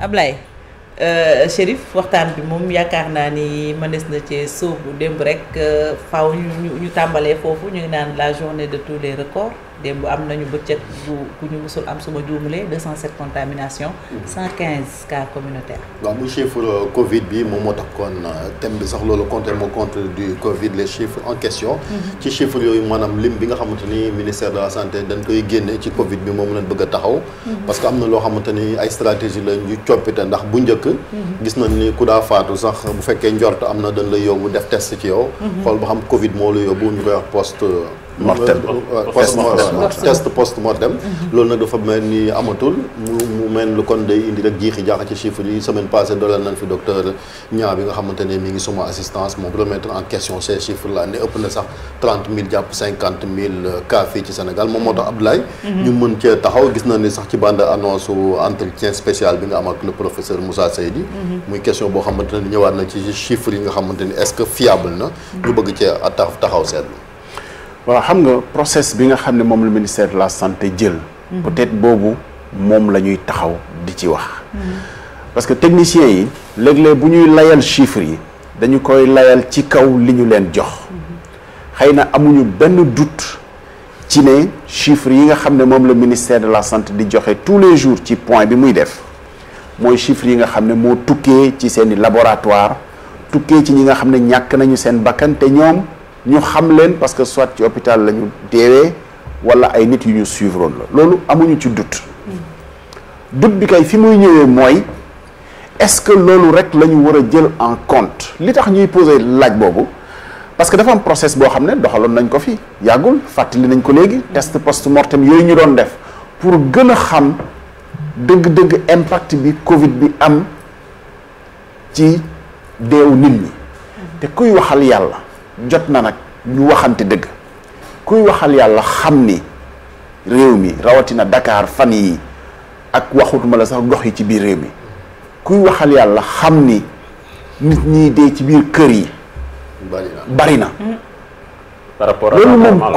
Ablaye euh, Chérif waxtaan bi moom yaakaar naa ni des na ci bu démb rek euh, faw ñu ñu tàmbalee foofu ñu ngi naan la journée de tous les records démb am nañu bëccëg bu ku ñu musul am suma juumulee 207 contamination 115 mm-hmm. cas communautaire waaw muy chiffre euh, covid bi moom moo tax kon euh, thème bi sax loolu compte mo compte du covid les chiffres en question mm-hmm. ci chiffre yooyu maanaam lim bi nga xamante ni ministère de la santé dañ koy génne ci covid bi moom lañ bëgg a taxaw mm-hmm. parce que am na loo xamante ni ay stratégie la coppite ndax bu njëkk gis nañ ni ku daa faatu sax bu fekkee njort am na dañ lay yóbbu def test ci yow xool ba xam covid moo la yóbbu ñu koy mortem post mortem test post mortem mhm. loolu nag dafa mel ni amatul mu mu mel ni kon day indi rek jiixi jaaxa ci chiffre yi semaine passée dooleel nañ fi docteur ñaa bi nga xamante ne mi ngi suma assistance moom remettre en question ces chiffres là ne ëpp na sax trente mille jàpp cinquante mille euh, cas ci Sénégal moom moo tax Abdoulaye mhm. ñu mën cee taxaw gis na ni sax ci bande annonce entretien spécial bi nga am ak le professeur Moussa Seydi mhm. muy question boo xamante ne ñëwaat na ci chiffres yi nga xamante ni est-ce que fiable na ñu bëgg cee taxaw seetlu waaw xam nga process bi nga xam ne moom la ministère de la santé jël. Mhm. peut-être boobu moom la ñuy taxaw di ci wax. Mhm. parce que techniciens yi léeg bu ñuy layal chiffres yi dañu koy layal ci kaw li ñu leen jox. Mhm. xëy na amuñu benn doute ci ne chiffres yi nga xam ne moom la ministère de la santé di joxe tous les jours ci point bi muy def mooy chiffres yi nga xam ne moo tukkee ci seen i laboratoire tukkee ci ñi nga xam ne ñàkk nañu seen bakkan te ñoom. ñu xam leen parce que soit ci hôpital la ñu deewee wala ay nit yu ñu suivroon la loolu amuñu ci dut doute bi kay fi muy ñëwee mooy est-ce que loolu rek la ñu war a jël en compte li tax ñuy poser laaj boobu parce que dafa am process boo xam ne doxaloon nañ ko fi yàggul fàttali nañ ko léegi test post mortem yooyu ñu doon def pour gën a xam dëgg-dëgg impact bi Covid bi am ci deewu nit ñi te kuy waxal yàlla jot na nag ñu waxante dëgg kuy waxal yàlla xam ni réew mi rawatina dakaar fan yi ak waxutuma la sax gox yi ci biir réew mi kuy waxal xam ni nit ñiy dee ci biir kër yi bari na hmm. hmm.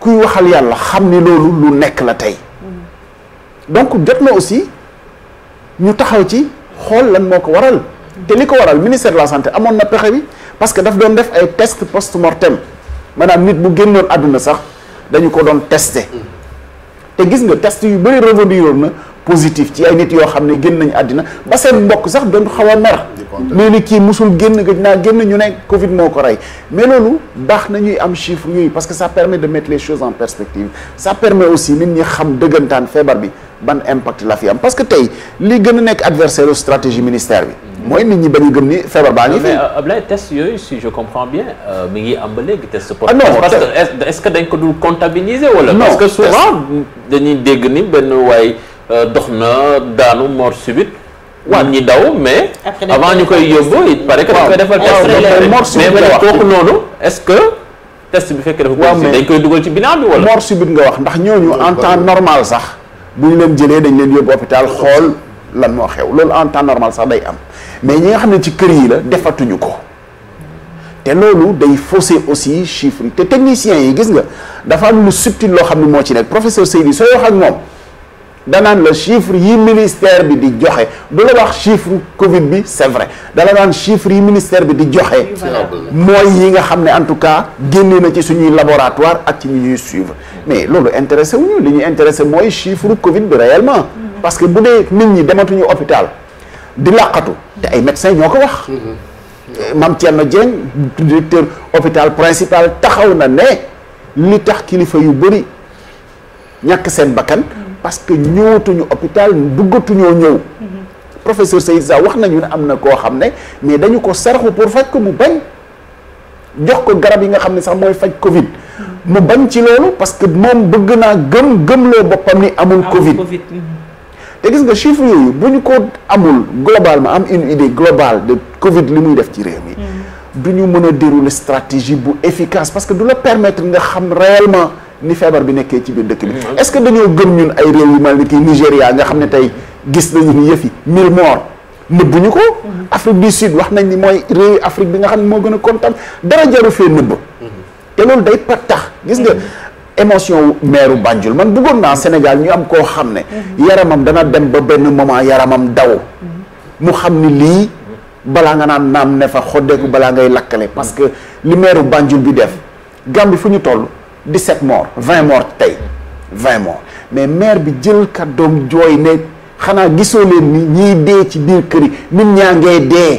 kuy waxal yàlla xam ni loolu lu nekk la tey hmm. donc jot na aussi ñu taxaw ci xool lan moo ko waral te li ko waral ministère de la santé amoon na pexe bi parce que daf doon def ay test post mortem maanaam nit bu génnoon àdduna sax dañu ko doon testé te gis nga test yu bëri revenir woon na positif ci ay nit yoo xam ne génn nañu àddina ba seen mbokk sax doon xaw a mer nee na kii musul génn gëj naa génn ñu ne Covid moo ko rey mais loolu baax na ñuy am chiffre yooyu parce que ça permet de mettre les choses en perspective ça permet aussi nit ñi xam dëggantaan feebar bi ban impact la fi am parce que tey li gën a nekk adversaire stratégie ministère bi. mooy nit ñi bañu gëm ni feebar baa ngi fi. mais euh, Ablaye test yooyu si je comprends bien euh, mi ngi am ba léegi test. ah non ce que dañ ko dul comptabiliser wala. parce que souvent dañuy dégg ni benn waay euh, dox na daanu mort subite. waaw ñi daw mais. avant ñu koy yóbbu it paraît que dañ koy defal. test mais mais kooku que. test bi fekk dafa ko dañ koy dugal ci bilan bi wala. mort nga wax ndax ñooñu en temps normal sax bu ñu leen jëlee dañ leen yóbbu hôpital xool lan moo xew loolu en temps normal sax day am mais ñi nga xam ne ci kër yi la defatuñu ko. te loolu day fausser aussi chiffres te techniciens yi gis nga dafa am lu subtil loo xam ne moo ci nekk professeur Seydi sooy wax ak moom. danaan la chiffre yi ministère bi di joxe du la wax chiffre Covid bi c'est vrai dala naan chiffre yi ministère bi di joxe. mooy yi nga xam ne en tout cas génne na ci suñuy laboratoire ak ci ñi ñuy suivre mais loolu intéressé wu ñu li ñu intéressé mooy chiffre Covid bi réellement. Mm-hmm. parce que bu dee nit ñi dematuñu hôpital di làqatu te ay médecins ñoo ko wax. Mm-hmm. Mame Thierno Dieng directeur hôpital principal taxaw na ne li tax kilifa yu bëri ñàkk seen bakkan. Mm-hmm. parce que ñëwatuñu hôpital bëggatuñoo ñëw professeur Seydou Sa wax nañu ne am na koo xam ne mais dañu ko saraxu pour faj ko mu bañ jox ko garab yi nga xam ne sax mooy faj Covid mu bañ ci loolu parce que moom bëgg naa gëm gëmloo boppam ni amul Covid mhm. te gis nga chiffre yooyu bu ñu ko amul ma am une idée globale de Covid li muy def ci réew mi mhm. du ñu mën a dérouler stratégie bu efficace parce que du la permettre nga xam réellement ni feebar bi nekkee ci biir dëkk bi. Mm-hmm. est-ce que dañoo gën ñun ay réew yu mel ni kii Nigéria nga xam ne tey gis nañu ni yëf yi mille morts ñu ko. Mm-hmm. Afrique du Sud wax nañ ni mooy réew Afrique bi nga xam ne moo gën a kontaan dara jaru fee nëbb. Mm-hmm. te loolu day pat tax gis nga. émotion meeru bànjul man bëggoon naa Sénégal ñu am koo xam ne yaramam dana dem ba benn moment yaramam daw mu xam ni lii balaa nga naan naam ne fa xoddeeku balaa ngay lakkale parce que li meeru Banjul bi def Gambie fu ñu toll 17 morts 20 morts tey 20 morts mais maire bi jël kàddoom jooy ne xanaa gisoo leen ni ñiy dee ci biir kër yi nit ñaa ngee dee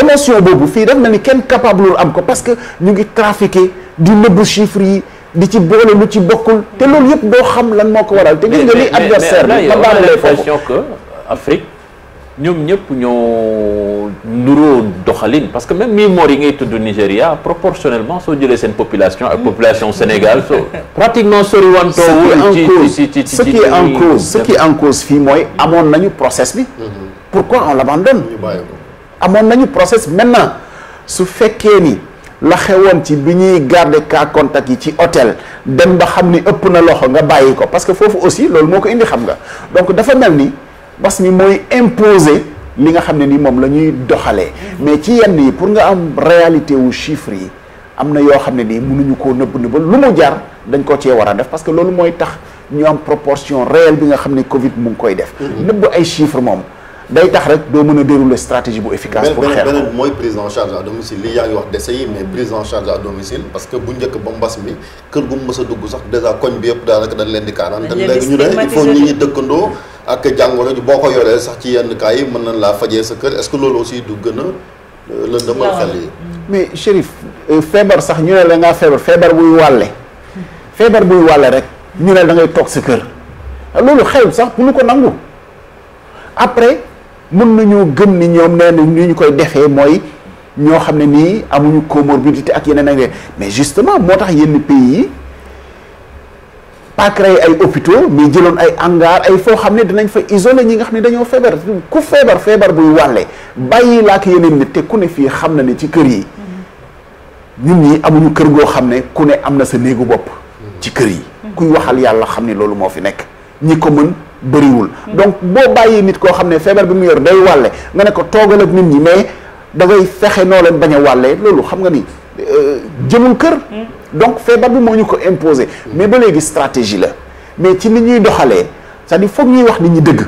émotion boobu fii def na ni kenn capable am ko parce que ñu ngi trafiqué di nëbb chiffres yi di ci boole lu ci bokkul te loolu yëpp doo xam lan moo ko waral te gis nga li adversaire bi ma baana lay foofu ñoom ñëpp ñoo nuroo doxalin parce que même mii moor yi ngay tudd Nigéria proportionnellement soo jëlee seen population ak mm. population Sénégal soo pratiquement soriwantoowul ci ce qui est en cause ce qui est en cause fii mooy amoon nañu process bi mm-hmm. pourquoi on l'abandonne amoon nañu process maintenant su fekkee ni la xewoon ci bi ñuy garder cas contact yi ci hôtel dem ba xam ni ëpp na loxo nga bàyyi ko parce que foofu aussi loolu moo ko indi xam nga donc dafa mel ni mbas mi mooy imposer li nga xam ne nii moom la ñuy doxalee mais ci yenn yi pour nga am réalité wu chiffre yi am na yoo xam ne nii mënuñu koo nëbb nëbbal lu mu jar dañ ko cee war a def parce que loolu mooy tax ñu am proportion réelle bi nga xam ne Covid mu ngi koy def. Mm-hmm. nëbb ay chiffres moom day tax rek doo mën a dérouler stratégie bu efficace. pour xeex beneen mooy prise en charge à domicile li yaa ngi wax bu njëkk ba mbas mi kër gu mu mës dugg sax dèjà koñ bi yëpp daanaka dañ leen di kaaraan. dañ léegi ñu ne il faut ak jàngoro ji boo ko yoree sax ci yenn cas yi mën nañ laa fajee sa kër est-ce que loolu aussi du gën a euh, lëndëmal xel yi mais Chérif euh, feebar sax ñu ne la ngaa feebar feebar buy wàlle feebar buy wàlle rek ñu ne da ngay toog sa kër loolu xel sax bu ñu ko nangu après mën nañu gën ni ñoom nee na ni ñu koy defee mooy ñoo xam ne nii amuñu comorbidité ak yeneen ak mais justement moo tax yenn pays yi pas créé ay hôpitaux mais jëloon ay hangar ay foo xam ne dinañ fa isolé ñi nga xam ne dañoo feebar ku feebar feebar buy wàlle bàyyi laa ko yeneen nit te ku ne fii xam na ne ci kër yi ñun ñi amuñu kër goo xam ne ku ne am na sa néegu bopp ci kër yi kuy waxal yàlla xam ne loolu moo fi nekk ñi ko mën bëriwul donc boo bàyyi nit koo xam ne feebar bi mu yor day wàlle nga ne ko toogal ak nit ñi mais da ngay fexe noo leen bañ wàlle loolu xam nga ni euh, jëmul donc feebar bi moo ñu ko imposé mais ba léegi stratégie la mais ci ni ñuy doxalee cest à foog ñuy wax nit ñu dëgg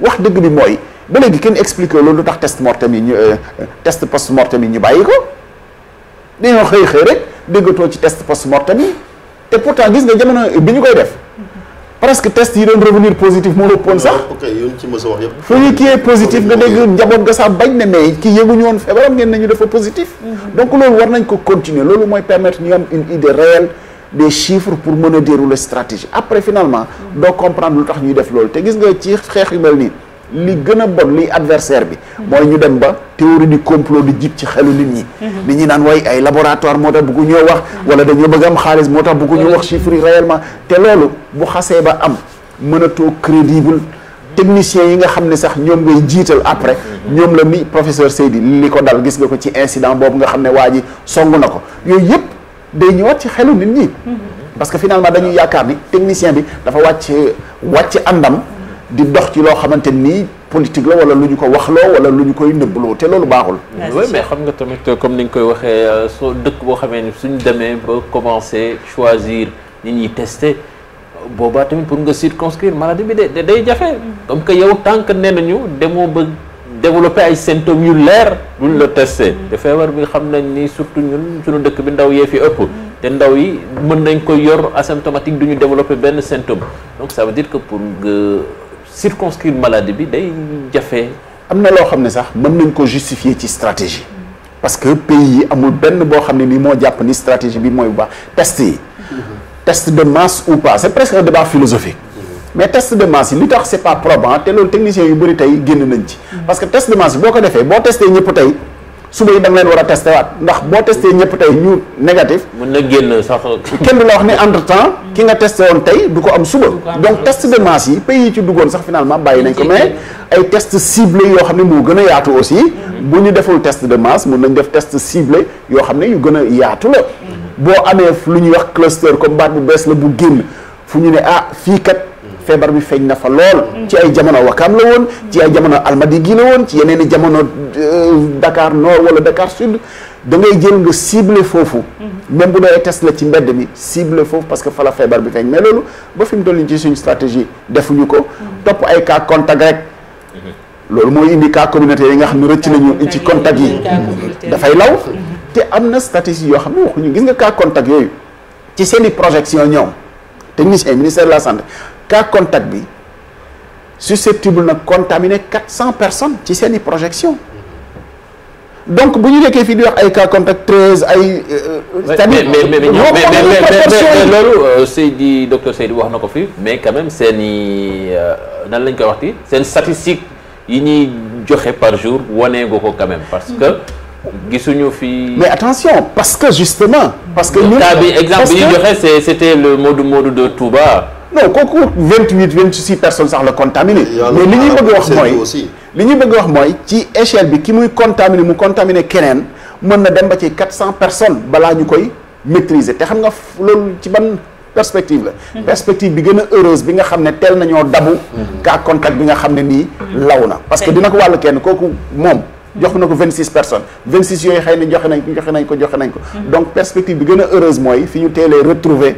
wax dëgg bi mooy ba léegi kenn expliqué loolu lu tax test mortem yi ñu euh, test post mortem yi ñu bàyyi ko dañoo xëy xëy rek déggatoo ci test post mortem yi te pourtant gis nga jamono bi ñu koy def presque test yi doon revenir positif moo ëppoon sax fu ñu kii positif nga dégg njaboot ga sax bañ ne mais kii yëguñu feebaram ngeen nañu dafa positif mhm. donc loolu war nañ ko continuer loolu mooy permettre ñu am une idée réelle des chiffres pour mën a dérouler stratégie après finalement mhm. doo comprendre lu tax ñuy def loolu te gis nga ci xeex yu mel nii li gën a bon liy adversaire bi mooy ñu dem ba théorie du complot di jib ci xelu nit ñi mhm. nit ñi naan way ay laboratoire moo tax bëggu ñoo wax mhm. wala dañoo bëgg am xaalis moo tax bëggu ñoo wax chiffres yi réellement te loolu bu xasee ba am mënatoo crédible techniciens yi nga xam ne sax ñoom ngay jiital après mhm. ñoom la mi professeur Seydi li ko dal gis nga ko ci incident boobu nga xam ne waa ji song na ko yooyu yëpp day ñëwaat ci xelu nit ñi parce que finalement dañuy yaakaar ni technicien bi dafa wàcc wàcc àndam di dox ci loo xamante nii politique la wala lu ñu ko wax waxloo wala lu ñu koy nëbbaloo te loolu baaxul. oui mais xam nga tamit euh, comme ni nga koy waxee euh, soo dëkk boo xamee ni suñ demee ba commencer choisir nit ñuy tester boobaa tamit pour nga circonscrire maladie bi de day jafe. comme que yow tant que nee nañu demoo ba développer ay symptômes yu leer duñ la tester. Mm. te feebar bi xam nañ ni surtout ñun suñu dëkk bi ndaw yee fi ëpp. Mm. te ndaw yi mën nañ ko yor asymptomatique duñu développer benn symptôme donc ça veut dire que pour nga. circonscrire maladie bi day jafe. am na loo xam ne sax mën nañ koo justifier ci stratégie parce que pays yi amul benn boo xam ne ni moo jàpp ni stratégie bi mooy baax test yi test de masse ou pas c'est presque un débat philosophique mais test de masse yi li tax c'est pas probant te loolu techniciens yu bëri tey génn nañ ci parce que test de masse boo ko defee boo testé ñëpp tey suba yi da nga leen war a testé waat ndax boo testé ñëpp tey ñu négatif. mën na génn sax. kenn du la wax ne entre temps ki nga teste woon tey du ko am suba. donc test de masse yi pays yi ci duggoon sax finalement bàyyi nañ ko mais. ay test ciblé yoo xam ne moo gën a yaatu aussi. Mm-hmm. bu ñu deful test de masse mun nañ def test ciblé yoo xam ne yu gën a yaatu la. Mm-hmm. boo amee lu ñuy wax cluster comme baat bu bees la bu génn fu ñu ne ah fii kat. feebar bi feeñ na fa lool. ci ay jamono Wakaam la woon. ci ay jamono Almadi gi la woon ci yeneen i jamono euh, Dakar Nord wala Dakar Sud da ngay jël nga ciblé foofu. même bu doyee test la ci mbedd mi ciblé foofu parce que fa la feebar bi feeñ mais loolu ba fi mu toll ci suñu stratégie defuñu ko. topp ay cas contact rek. loolu mooy indi cas communautaire yi nga xam ne rëcc nañu ci contact yi. dafay law. te am na stratégie yoo xam ne waxuñu gis nga cas contact yooyu ci seen i projection ñoom technicien ministère de la santé. cas contact bi susceptible na contaminer quatre cent personnes ci seen i projection donc bu ñu nekkee fii di wax ay cas contact treize ay. c'est-à-dire euh, mais mais mais mais loolu euh, Seydi docteur Seydi wax na ko fi mais quand même seen euh, nan lañ koy waxti seen statistique yi ñuy joxe par jour wanee nga ko quand même parce que. gisuñu fi. mais attention parce que justement. parce que ñun cas bi exemple bi ñu joxe c'était le Modou Modou de Touba. non kooku vingt huit vingt six personnes sax la contaminé mais li ñuy bëgg wax mooy li ñuy bëgg wax mooy ci échelle bi ki muy contaminé mu contaminé keneen mën na dem ba ci quatre cent personnes balaa ñu koy maîtriser te xam nga loolu ci ban perspective la hmm. perspective bi gën a heureuse bi nga xam ne teel nañoo dabu hmm. cas contact bi nga xam ne nii hmm. law na parce que dina ko wàllu kenn kooku moom jox na ko vingt six personnes vingt six yooyu xay na joxe nañ ko joxe nañ joxe nañ ko donc perspective bi gën a heureuse mooy fi ñu teelee retrouver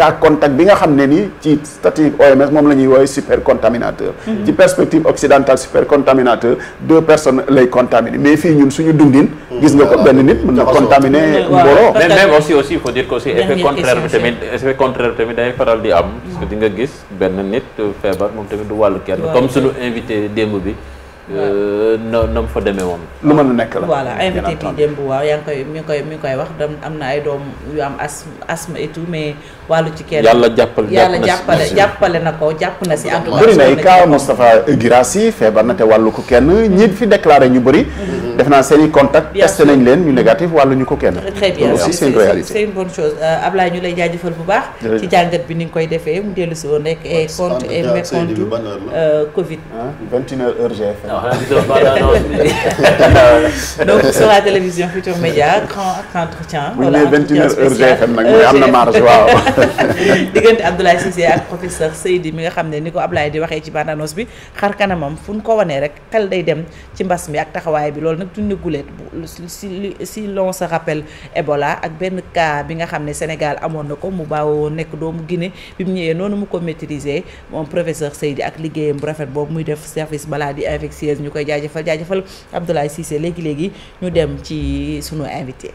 cas contact bi nga xam ne ni ci statut OMS moom la ñuy woowee super contaminateur mhm. ci perspective occidentale super contaminateur deux personnes lay contaminer mais fii ñun suñu dundin mhm. gis nga ko benn nit mën na contaminer mbooloo mais même aussi aussi il faut dire que aussi effet contraire bi tamit effet contraire bi tamit day faral di am parce que di nga gis benn nit feebar moom tamit du wàllu kenn comme suñu invité démb bi Euh, na mu fa a nekk la voilà invité bi démb mi ngi yàlla jàppale na ko jàpp na si. ak bëri na ay cas Moustapha Guirassi feebar na te wàllu ko kenn mhm. ñi fi déclaré ñu bëri. Mhm. def naa seen i contact testé nañ leen ñu négatif wàllu ñu ko kenn. très bien aussi c'est une réalité c'est une bonne chose euh, Ablaye ñu lay jaajëfal bu baax. ci jàngat bi ni nga koy defee mu dellu si woon rek. et compte et mécompte euh, Covid. Hein, donc sur la télévision Futur Média grand entretien. voilà entretien spécial bu ñu nee 21h heure GFM nag am na marge euh, waaw. nga xam ne ni ko Ablaye di waxee ci bande bi xar kanamam fu ñu ko wanee rek xel day dem ci mbas mi ak taxawaay bi loolu nag duñu guleet si si l'on se rappelle ak benn cas bi nga xam ne Sénégal amoon na ko mu baawoo nekk doomu Guinée bi mu ñëwee noonu mu ko maîtriser moom professeur Seydi ak liggéeyam bu rafet boobu muy def service maladie infectieuse précieuse ñu koy jaajëfal jaajëfal Abdoulaye Cissé léegi léegi ñu dem ci sunu invité.